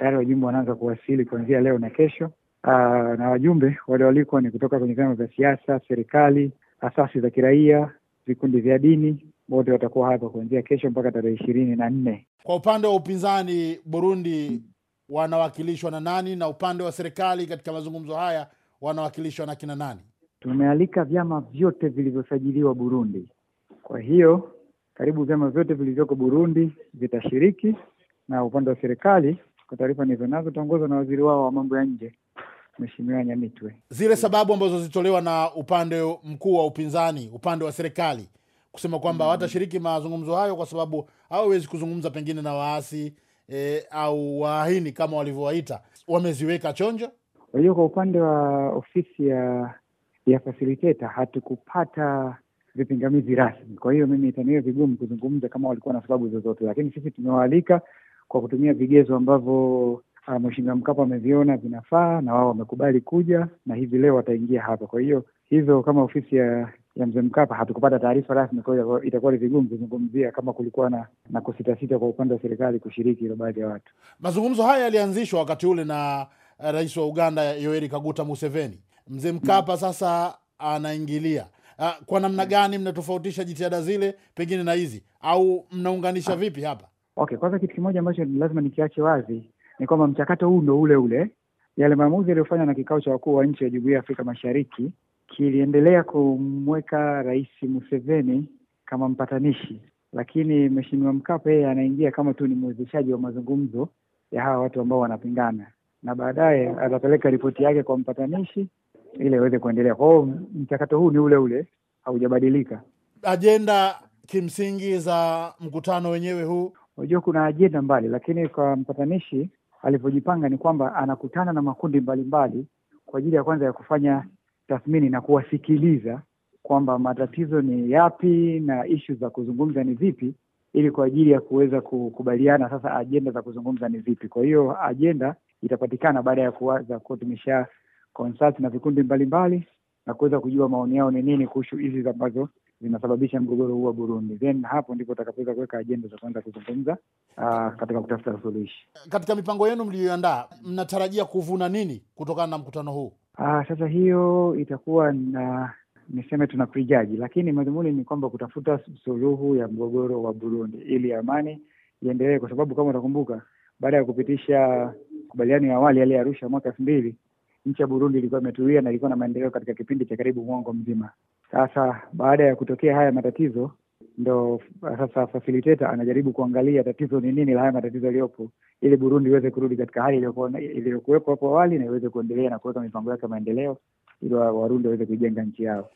tayari wajumbe wanaanza kuwasili kuanzia leo na kesho. Aa, ah, na wajumbe walioalikwa ni kutoka kwenye vyama vya siasa, serikali, asasi za kiraia, vikundi vya dini, wote watakuwa hapa kuanzia kesho mpaka tarehe ishirini na nne. Kwa upande wa upinzani Burundi wanawakilishwa na nani, na upande wa serikali katika mazungumzo haya wanawakilishwa na kina nani? Tumealika vyama vyote vilivyosajiliwa Burundi, kwa hiyo karibu vyama vyote vilivyoko Burundi vitashiriki, na upande wa serikali kwa taarifa nazo, itaongozwa na waziri wao wa mambo ya nje Mheshimiwa Nyamitwe. Zile sababu ambazo zilitolewa na upande mkuu wa upinzani, upande wa serikali kusema kwamba mm. hawatashiriki mm -hmm. mazungumzo hayo kwa sababu hawawezi kuzungumza pengine na waasi e, au waahini kama walivyowaita, wameziweka chonjo. Kwa kwa upande wa ofisi ya ya fasiliteta hatukupata vipingamizi rasmi. Kwa hiyo mimi itaniwe vigumu kuzungumza kama walikuwa na sababu zozote, lakini sisi tumewaalika kwa kutumia vigezo ambavyo ah, Mheshimiwa Mkapa ameviona vinafaa na wao wamekubali kuja na hivi leo wataingia hapa. Kwa hiyo hizo kama ofisi ya ya mzee Mkapa hatukupata taarifa rasmi, kwa hiyo itakuwa ni vigumu kuzungumzia kama kulikuwa na, na kusitasita kwa upande wa serikali kushiriki hilo. Baadhi ya watu, mazungumzo haya yalianzishwa wakati ule na eh, rais wa Uganda Yoweri Kaguta Museveni. Mzee Mkapa hmm, sasa anaingilia ah, kwa namna mm. gani? Mnatofautisha jitihada zile pengine na hizi, au mnaunganisha ha, ah. vipi hapa? Okay, kwanza kitu kimoja ambacho lazima nikiache wazi ni kwamba mchakato huu ndo ule ule. Yale maamuzi yaliyofanywa na kikao cha wakuu wa nchi ya Jumuiya ya Afrika Mashariki kiliendelea kumweka Rais Museveni kama mpatanishi, lakini Mheshimiwa Mkapa yeye anaingia kama tu ni mwezeshaji wa mazungumzo ya hawa watu ambao wanapingana, na baadaye atapeleka ripoti yake kwa mpatanishi ili aweze kuendelea. Kwa hiyo mchakato huu ni ule ule, haujabadilika. Ajenda kimsingi za mkutano wenyewe huu Unajua kuna ajenda mbali, lakini kwa mpatanishi alivyojipanga ni kwamba anakutana na makundi mbalimbali mbali, kwa ajili ya kwanza ya kufanya tathmini na kuwasikiliza kwamba matatizo ni yapi na ishu za kuzungumza ni vipi ili kwa ajili ya kuweza kukubaliana sasa ajenda za kuzungumza ni vipi Kwa hiyo ajenda itapatikana baada ya kuwaza kuwa tumesha consult na vikundi mbalimbali mbali, na kuweza kujua maoni yao ni nini kuhusu hizi ambazo vinasababisha mgogoro huu wa Burundi, then hapo ndipo takapoweza kuweka ajenda za kuanza kuzungumza ah, katika kutafuta suluhishi. Katika mipango yenu mliyoandaa, mnatarajia kuvuna nini kutokana na mkutano huu? Aa, ah, sasa hiyo itakuwa na niseme tuna prijaji, lakini madhumuni ni kwamba kutafuta suluhu ya mgogoro wa Burundi ili amani iendelee, kwa sababu kama utakumbuka baada ya kupitisha makubaliano ya awali yale ya Arusha mwaka elfu mbili nchi ya Burundi ilikuwa imetulia na ilikuwa na maendeleo katika kipindi cha karibu mwongo mzima. Sasa baada ya kutokea haya matatizo, ndo uh, sasa facilitator anajaribu kuangalia tatizo ni nini la haya matatizo yaliyopo, ili Burundi iweze kurudi katika hali iliyokuwepo hapo awali na iweze kuendelea na kuweka mipango yake ya maendeleo, ili Warundi waweze kuijenga nchi yao.